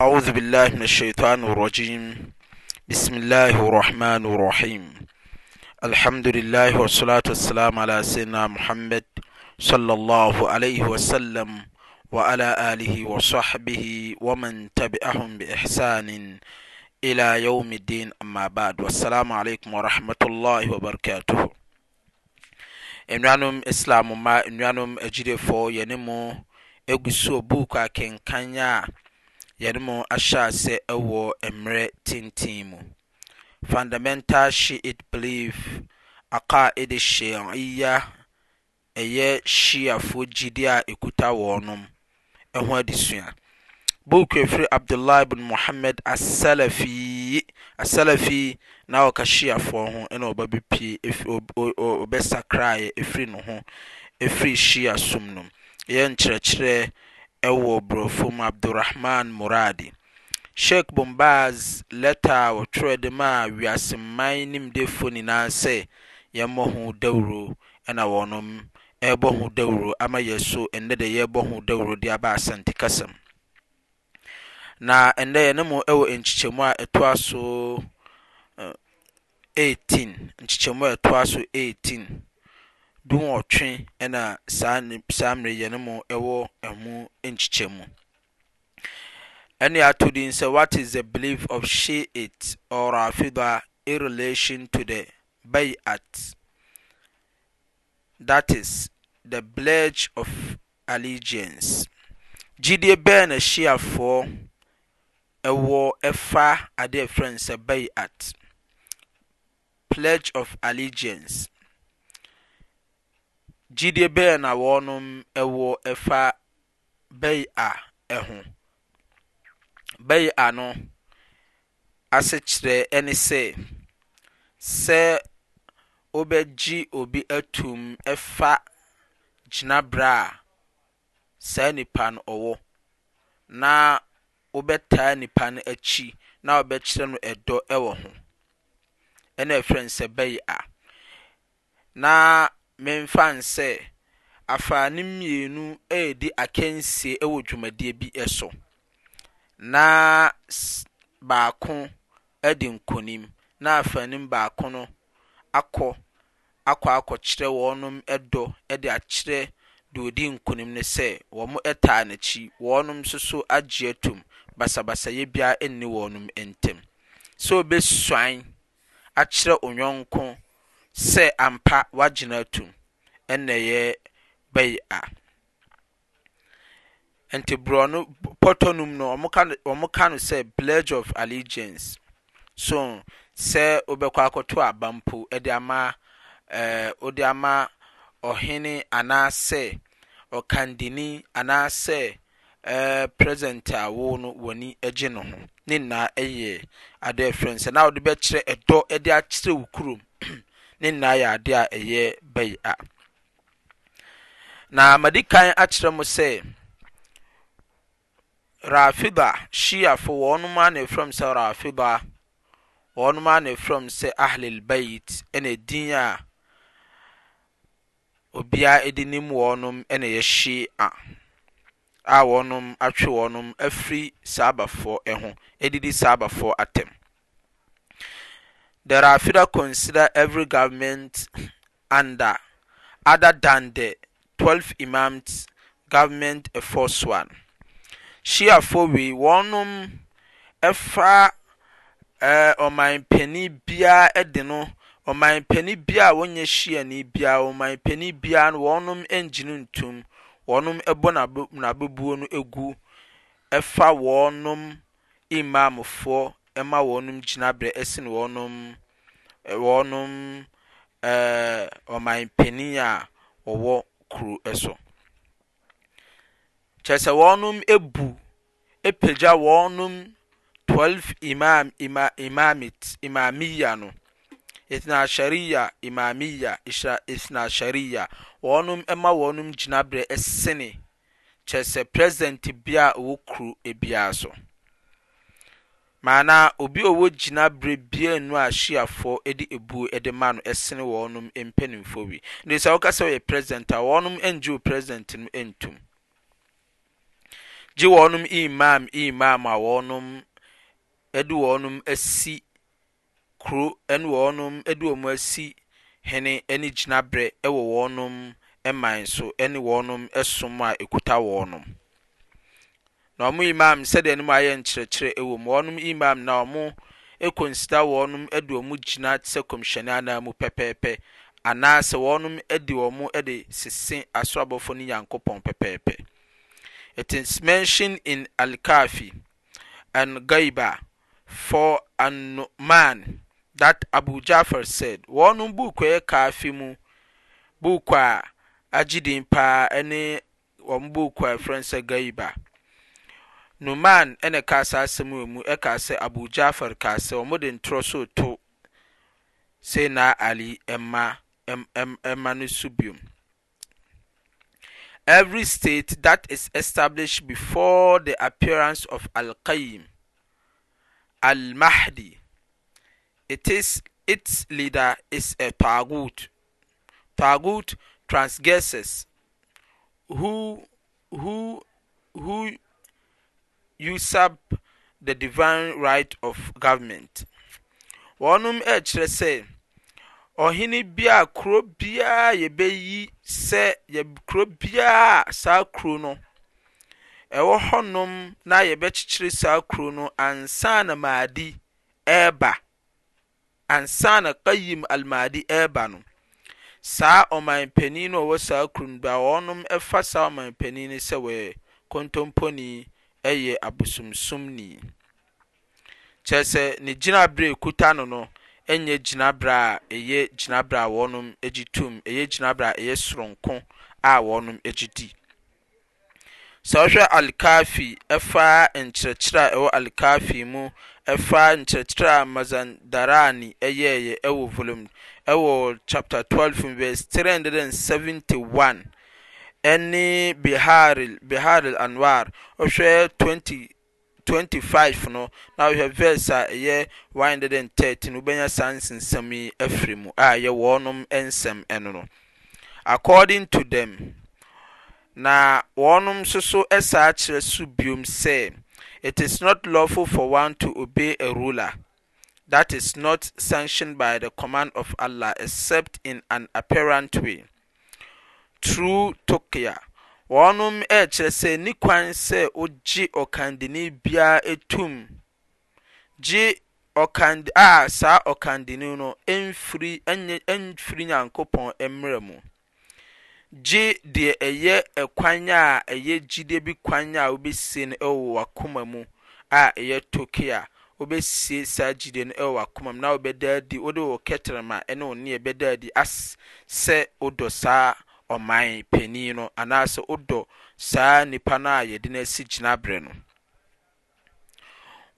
auzu bh min asian rajim bsmi ahi rhman rahim ahaduhsnamhamd h amanthum bhsanin la yum din amabd saamkummhabrakath amislammawanm jirefo yanimu gusuo buk akenkanya yɛde mo ahyɛ ase wɔ mmerɛ tenten mu fundamental shiit belief aqaid shiiya ɛyɛ shiafoɔ gyidi a ɛkuta wɔnom ɛho adesua buku efiri abdullahi bin mohammed asalafi asalafi na ɔka shiafoɔ ho ɛna ɔba bi pie ɔbɛsakraeɛ efiri ne ho efiri shia som nom ɛyɛ nkyerɛkyerɛ ɛwɔ borɔfo mu abdurahman moradi sheik bombaz lɛta a wɔtwerɛ de ma a mman nimdefo nyinaa sɛ yɛmmɔ ho dawuro ɛna wɔnom ɛbɔ e ho dawuro ama yɛ so ɛnnɛ de yɛbɔ ho dawuro de aba asante kasam na ɛnnɛ yɛne mu ɛwɔ nkyekyɛmu a ɛtoa so 18 nkyekyɛmu a ɛtoa so 18 dunwɔtwe na saa nnip saa mmerɛ no mu ɛwɔ ɛho nkyekyɛmu ɛne ato din sɛ what is the belief of shi'it or rafida in relation to the bay'at that is the pledge of allegiance gyidie bɛɛ na shiafoɔ ɛwɔ ɛfa adeɛ frɛ no sɛ bay'at pledge of allegiance gyidie bɛyɛ na wɔnom ɛwɔ ɛfa wɔ a ɛho ho a no asekyerɛ ɛne sɛ sɛ wobɛgye obi ato ɛfa fa a saa nipa no ɔwɔ na wobɛtaa nipa no akyi na wobɛkyerɛ no ɛdɔ ɛwɔ ho ɛna ɛfrɛ no sɛ a na memfa nsɛ afraa mmienu redi akansie wɔ dwumadie bi so. Na baako di nkonim, na afraani baako no akɔ akɔ akɔkyerɛ wɔn dɔ de akyerɛ deɛ ɔdi nkonim no sɛ wɔtaa n'akyi. Wɔn nso so agye atom. Basabasayɛ biara nni wɔn ntam. so ɔbɛsuan akyerɛ onyɔnko. sɛ ampa wagyina atum ɛna ɛyɛ bɛyi a nti borɔno pɔtɔ no mu no wɔn ka no sɛ pledge of allegiance so sɛ wobɛkɔ akɔto abampo ɛde ama ɛɛ wɔde ama ɔhene anaasɛ ɔkandini anaasɛ ɛɛ president a wɔwɔ no wɔni agye ne ho ne nyinaa ɛyɛ adeɛ fɛn sɛ na wɔde bɛkyerɛ ɛdɔ ɛde akyerɛ wɔ kurom. ɛdeyɛbaana m'ade kan akyerɛ mu sɛ rafiba shiafo wɔɔnom ane frɛm sɛ rafeba wɔnom ane frɛm sɛ ahlelbait nɛ din a obia ɛdinim wɔɔnom neyɛ syia a wɔnom atwe wɔnom afiri sarbafoɔ ho ɛdidi sabafoɔ atɛm there are federal consider every government under other than the 12 imams government efforts one shiafoɔ wei wɔnom ɛfa ɛɛ ɔmanpanin biara de no ɔmanpanin biara a wɔnyɛ shiani biara ɔmanpanin biara no wɔnom ngyina ntum wɔnom bɔ nabubu no egu ɛfa wɔnom imamfoɔ ɛma wɔnom gyinaberɛ ɛsen wɔnom. wɔnom ɛɛ ɔman panyin a wɔwɔ kuro ɛso kyerɛ wɔnom ebu apagya wɔnom twelve imam ima imamit imamiya no ethna sharia imamiya isra ethna shariya wɔnom ɛma wɔnom gyinaberɛ ɛsene kyerɛ sɛ president bi a ɔwɔ kuro biara so. maana obi a ɔwɔ gyinaberɛ biara nu a hyiafoɔ de ebuo de ma no sene wɔn mpanimfoɔ bi nti sɛ wɔka sɛ wɔyɛ president a wɔn ngye wo president no ntum gye wɔn imam imam a wɔn de wɔn asi kuro ne wɔn de wɔn asi hene ne gyinaberɛ wɔ wɔn man so ne wɔn som a ekuta wɔn. na ɔmo imam sɛdeɛ no mu ayɛ nkyerɛkyerɛ ɛwɔ mu ɔnom imam na ɔmo ekonsida wɔnom ɛde ɔmo gyina sɛ kɔmhyɛne anan mu pɛpɛɛpɛ anaasɛ wɔnom ɛde ɔmo ɛde sese asorabɔfo ne yankopɔn pɛpɛɛpɛ it is mentioned in al and gaiba for an man that abu jafar said wɔnom buuku ɛyɛ kafi mu buku a agye din paa ɛne wɔn buuku a ɛfrɛ sɛ gaiba numan ɛne ka sa sɛm wamu ɛka sɛ abu jafar ka sɛ ɔ mode ntorɔ soto sana ali ma no subim every state that is established before the appearance of alqayim almahdi its leader is a tagot tagot transgesses usurp the divine right of government wɔnom ɛrekyerɛ sɛ ɔhene bi a kuro biara yɛbɛyi sɛ yɛ kuro biara saa kuro no ɛwɔ hɔnom na yɛbɛkyekyere saa kuro no ansa na maadi ɛreba ansa na kayim almaadi ɛreba no saa ɔman panin no a ɔwɔ saa kuro no bi a wɔnom ɛfa saa ɔman panin no sɛ wɔyɛ kontomponi yɛ abosonsomni kyerɛ sɛ ne gyinabere a ekuta no no nyɛ gyinabere a ɛyɛ gyinabere a wɔnom gye tom ɛyɛ gyinabere a ɛyɛ soronko a wɔnom gye di sɛ wohwɛ alkafi ɛfa nkyerɛkyerɛ a ɛwɔ alkafi mu ɛfa nkyerɛkyerɛ a mazandarani ɛyɛɛyɛ ɛwɔ volume ɛwɔ chapter 12 verse 371 ɛnne bihar l annoir ɔhwɛ 25 no na hwɛ vers a ɛyɛ 130 no wobɛnya saa nsensɛmyi afiri mu a ɛyɛ wɔnom nsɛm ɛno no according to them na wɔnom nsoso saa kyerɛ so biom sɛ it is not lawful for one to obey a ruler that is not sanctioned by the command of allah except in an apparent way true tokyo wɔnom ɛrekyerɛ sɛ ni kwan sɛ ogye ɔkandani biara etum gye ɔkand a saa ɔkandani no mfiri ɛnyɛ mfiri nyankopɔn mmerɛ mu gye deɛ ɛyɛ ɛkwan a ɛyɛ gyidie bi kwan a wobɛsie no ɛwɔ wakoma mu a ɛyɛ tokyo wobɛsie saa gyidie no ɛwɔ wakoma mu na wobɛdaa di wode wɔ kɛtrɛma ɛne wo nneɛ bɛdaa di asɛ sɛ wodɔ saa ɔman panin no anaasɛ wodɔ saa nipa no a yɛde no asi gyinaberɛ no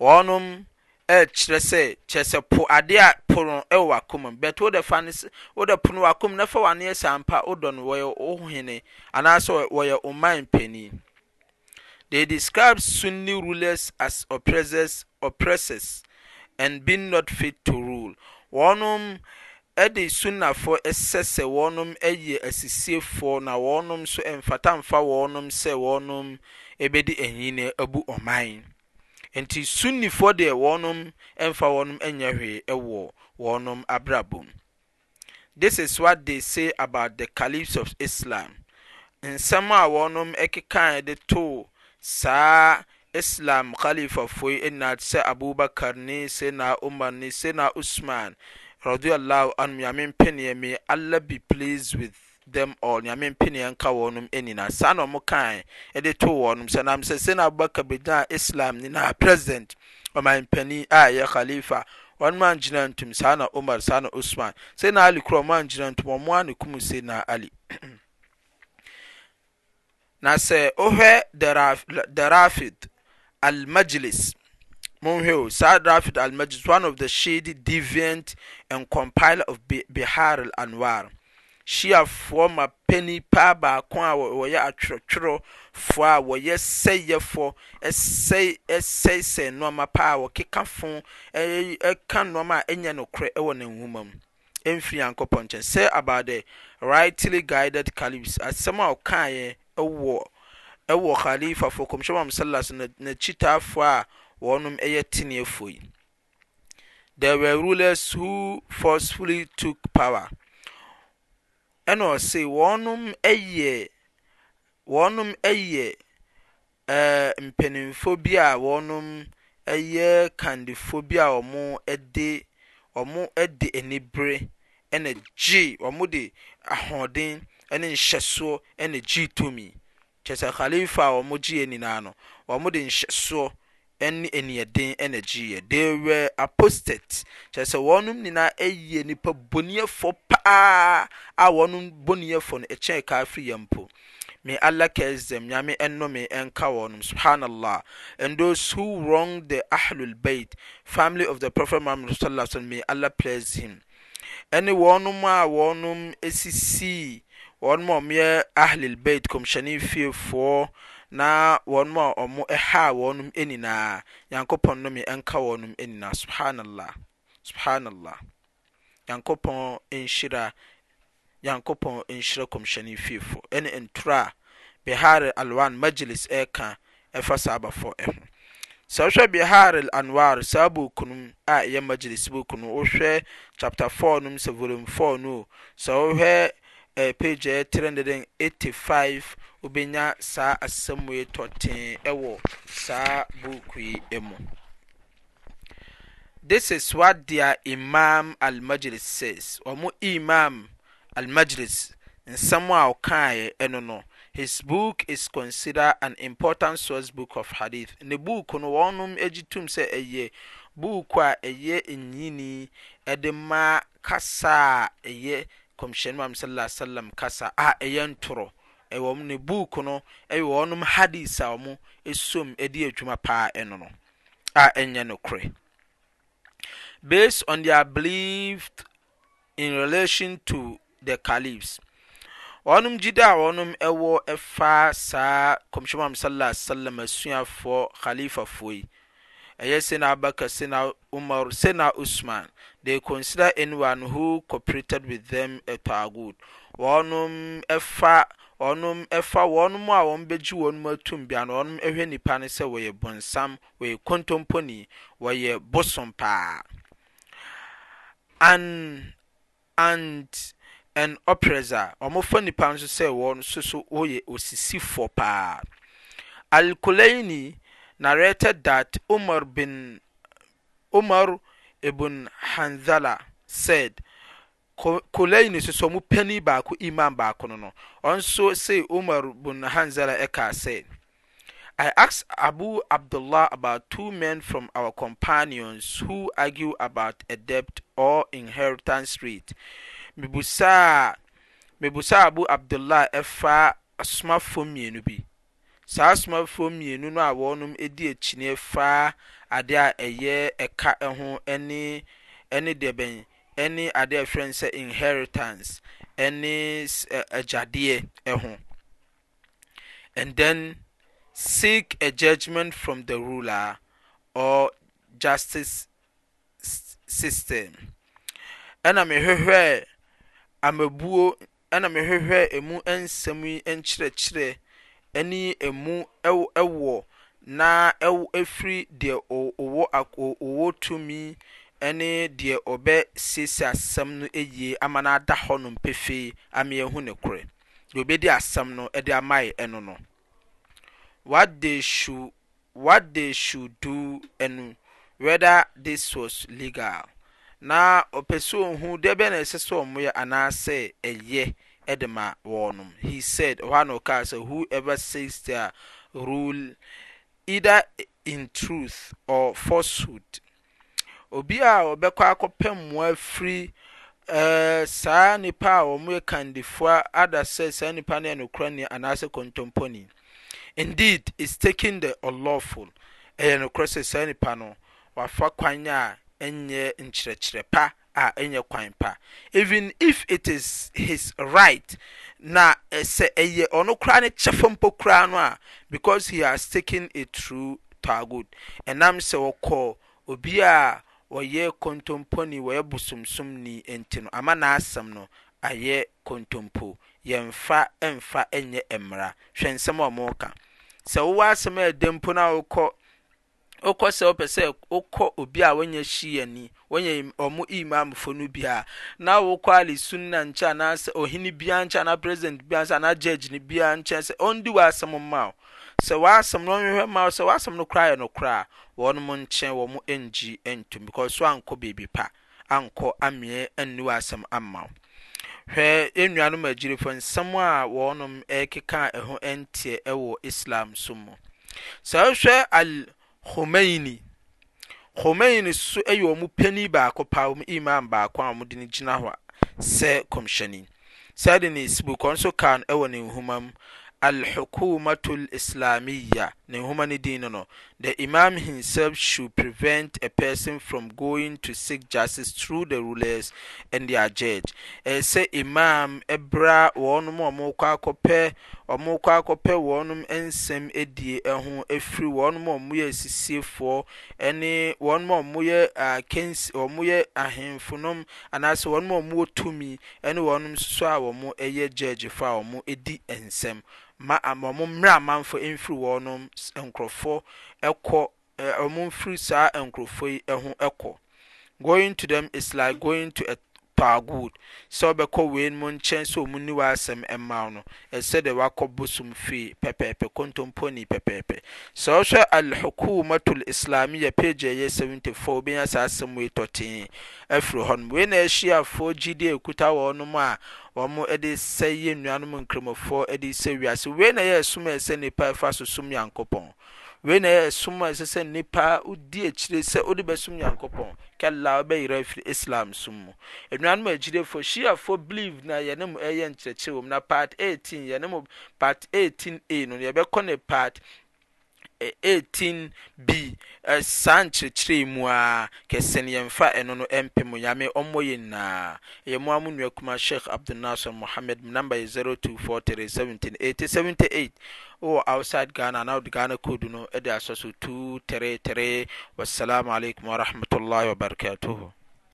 wɔnom ɛkyerɛ sɛ kyerɛ sɛ po adeɛ a po no ɛwɔ wakoma bɛt wodɛ fa no wodɛ po no wakoma na fa wano yɛ sampa wodɔ no wɔyɛ wo anaasɛ wɔyɛ ɔman panin They describe Sunni rulers as oppressors, oppressors and being not fit to rule. Wɔnom ɛde sunnafoɔ ɛsɛ sɛ wɔnom ɛyɛ asisiefoɔ na wɔnom nso ɛmfata mfa wɔnom sɛ wɔnom ɛbɛdi ɛnyini abu ɔman nti sunnifoɔ deɛ wɔnom ɛmfa wɔnom ɛnyɛ hwee ɛwɔ wɔnom abrabom this is what they say about the caliphs of islam nsɛm a wɔnom ɛkekan de to saa islam khalifafoɔ yi ɛna sɛ abubakar ne sɛ na umar ne sɛ na usman rdylh anhum nyamep0ne me alah bi please with them all nyamepneɛ nka wɔnom anyina saa na ɔmo ka de to wɔ nom sɛ nam sɛ seina abobaka bɛgina a islam ninaa president ɔmapanin a yɛ halifa ɔnma angyina ntum saa na omar saa na osman sedna ali koro ɔmo angyina ntum ɔmoa ne kum sena ali na sɛ wo hɛ de rafid almageles mwsaa rafid almagids one of the shady devint and compiler of bihar al annoir syiafoɔ ma pani paa baako a wɔyɛ atwortwerɔfoɔ a wɔyɛ sɛyɛfɔ sɛe sɛe nnoma paa wɔkeka fo ka nnoɔma a ɛnyɛ nokorɛ wɔ nenhoma mu mfii nyankopɔn nkyɛn sa about he rightly guided caliphs asɛm a ɔkaeɛ wɔ halifafo komhyɛmm sas nakyitaafoɔ a wɔnom yɛ teneefoɔ yi there were rulers who forcefully took power ɛna ɔse wɔnom yɛ wɔnom yɛ ɛɛ mpanimfoɔ bi a wɔnom yɛ kandifoɔ bi a wɔn de wɔn de anibere ɛna gye wɔn de ahoɔden ne nhyɛsoɔ ɛna gye tumi kyɛ sɛ khalifa a wɔn gyeɛ nyinaa no wɔn de nhyɛsoɔ. ɛn niaden ɛnagiɛ te wer apostate kyɛɛ sɛ wɔnom nyinaa ɛyɛ nnipa boniɛ fɔ paa a wɔnom boniɛ fɔ no akyiɛ ka friya npo me ala kɛsɛm nyame ɛnɔme ɛnka wɔnom subhanallah and thos who wrong the ahllbat family of the prophet muhamdsasm me ala pleas him ɛne wɔnom a wɔnom sisii wɔnom a ɔmeyɛ ahllbat kɔmhyɛne fiefoɔ na wɔn a wɔn ɛha wɔn nyinaa nyankopɔn nnome nka wɔn nyinaa subhanallah subhanallah nyankopɔn nhyira nyankopɔn nhyira kɔmhyɛne fiefo ɛne ntura a bihar alwan majlis ɛka ɛfa saa ɛho sɛ wohwɛ bihar anwar saa buku a ɛyɛ majlis buku wohwɛ chapter 4 no mu sɛ volume 4 no sɛ wohwɛ ɛɛ page ɛyɛ three hundred saa asɛm yi tɔtee ɛwɔ saa book yi mu this is what their imam al-majlis says wɔn imam al-majlis nsɛm a ɔkaeɛ ɛno no his book is considered an important source book of hadith ne book no wɔnom agye tom sɛ ɛyɛ book a ɛyɛ nyini ɛde ma kasa a ɛyɛ kɔmhyɛn mu sallallahu alaihi kasa a ɛyɛ ntorɔ ɛwɔ mu ne buuku no ɛyɛ wɔnom hadis a wɔn esom ɛdi adwuma paa ɛno no a ɛnyɛ no based on their belief in relation to the caliphs wɔnom gyida a wɔnom ɛwɔ ɛfa saa kɔmhyɛn mu sallallahu alaihi wasallam asuafoɔ khalifafoɔ yi. ɛyɛ sena abaka sena umar sena usman the consider anyone who cooperated with them atagood nfɔnom ɛfa wɔnomu a wɔn bɛgye wɔno mu atom bi ana ɔnom ɛhwɛ nnipa no sɛ wɔyɛ bonsam wɔyɛ contomponi wɔyɛ bosom paa and an opressar ɔmofa nnipa nso sɛ wɔn soso woyɛ osisi fɔ paa alkolaini narrated that umar ibn hanzala said kolaine susɔ mu peni baako iman baako no no ɔnso se omar bin hansala ɛka sɛi i ask abu abdullah about two men from our companions who argue about adept or inheritant street mebu sa abu abdullah ɛfa soma fmmienu bi saa somafo mmienu no awɔnom di akyinniɛ faa adeɛ a ɛyɛ ɛka ho ne deɛ bɛn ɛne adeɛ frin sɛ inheritance ne agyadeɛ ho and then seek a judgment from the rulera or justice system ɛnamehwhwɛ amabuoɛnamehwehwɛɛ mu nsɛm yi nkyerɛkyerɛ ne ɛmu ɛwɔ na ɛwɔ ɛfiri deɛ ɔwɔ ako ɔwɔ tumi ne deɛ ɔbɛ ɔbɛsiesie asɛm no yie ama na ada hɔnom pefee ama yɛahu ne korɛ deɛ ɔbɛdi asɛm no de ama yɛ ɛno no what they should what they should do and whether this was legal na ɔpɛ sɛ ohu deɛ bɛn na ɛsɛ sɛ ɔmo yɛ anaasɛ ɛyɛ de ma wɔnom he said ɔhɔ na ɔkaa sɛ whoever says their rule either in truth or falsehood obi a ɔbɛkɔ akɔpɛ mmoa firi ɛɛ eh, saa nipa a wɔn yɛ kandifoɔ ada sɛ saa nipa no yɛ nokora ni anaasɛ kɔntɔmpɔni indeed is taking the unlawful ɛyɛ nokora sɛ saa nipa no wafa kwan a ɛnyɛ nkyerɛkyerɛ pa. aɛnyɛ kwan pa even if it is his right na eh, sɛ ɛyɛ ɔno koraa no kyɛ fa mpo koraa no a because he has tiken a true targood ɛnam sɛ wɔkɔɔ obia wɔyɛ kontompo ni wɔyɛ bosomsom ni nti no ama naasɛm no ayɛ kontompo yɛmfa mfa ɛnyɛ mmara hwɛ nsɛm a ɔ moka sɛ wowɔ asɛm aɛdɛ mpo no awokɔ okɔ sɛ wopɛ sɛ wokɔ obi a wɔnyɛ hyiani wɔnyɛ ɔmo imamfo no bi a na wokɔ ale sunna nkyɛ anaasɛ ɔhene biara nkyɛ anaa president biara nkyɛ anaa judge no biara nkyɛ sɛ ɔndi w'asɛm mma wo sɛ w'asɛm no ɔnhwehwɛ ma wo sɛ w'asɛm no koraa yɛ no koraa wɔnom nkyɛn wɔ mo ngyi ntom because so ankɔ beebi pa ankɔ ameɛ anni w'asɛm ama hwɛ nnuanom agyirefo nsɛm a wɔnom ɛkeka ɛho ɛwɔ islam so mu sɛ al khomeini khomeini so yɛ wɔn panin baako paa wɔn imam baako a wɔde no gyina hɔ sɛ kɔmhyɛni sɛde ne sibukɔ nso kaa wɔ ne nhoma mu alhukumatul islamiyya ne nhoma ne din no the imam himself should prevent a person from going to seek justice through the rulers and their judge ɛsɛ imam ɛbra wɔn a wɔkɔ akɔpɛ wɔn kɔ akɔpɛ wɔn nsɛm adie ho afiri wɔn a wɔyɛ asisiefoɔ ne wɔn a wɔyɛ akansi wɔyɛ ahemfonom anaasɛ wɔn a wɔwɔ tumi ne wɔn nso a wɔyɛ gyɛɛgyefoɔ a wɔdi nsɛm ma wɔn mmerɛ amanfoɔ mfiri wɔn nkurɔfoɔ kɔ ɛɛ wɔn mfiri saa nkurɔfoɔ yi ho kɔ going to them is like going to a tɔa good. sɛ wobɛkɔ wei mu nkyɛn sɛ ɔmu ni w'asɛm ɛma no ɛsɛ dɛ wakɔ bosom fie pɛpɛɛpɛ kontomponi pɛpɛɛpɛ sɛ wohwɛ alhukumatul islamia page ɛyɛ 74 wobɛnya saa asɛm wei tɔtee afiri hɔ nom wei na ahyiafoɔ gyidi a ɛkuta wɔnom a wɔn de sɛ yɛ nnuanom nkramofoɔ de sɛ wiase wei na yɛ ɛsom a ɛsɛ nnipa ɛfa so som nyankopɔn wei ne ɛyɛ som maa ɛsɛ sɛ nnipaa wo di akyire sɛ wode bɛsom nyankopɔn kɛ la wo bɛyerɛ afiri islam som mu aduanoma agyire fo shiafoɔ bleeve na yɛne mu ɛyɛ nkyerɛkyerɛ wo mu na part 18 yɛnem part 18 a no n yɛbɛkɔ ne part 8b eh, santretheriimua kɛsen yɛmfa ɛnono ɛmpi mo nyame ɔmmɔ yini naa yɛmua mo nuakuma shekh abdunaser mohamed m namber yɛ 0243 17 878 wɔ outside ghana nawd ghana koduno ɛde asa su 2 t 3 wassalamu aleikum warahmatullahi wa barakatuhu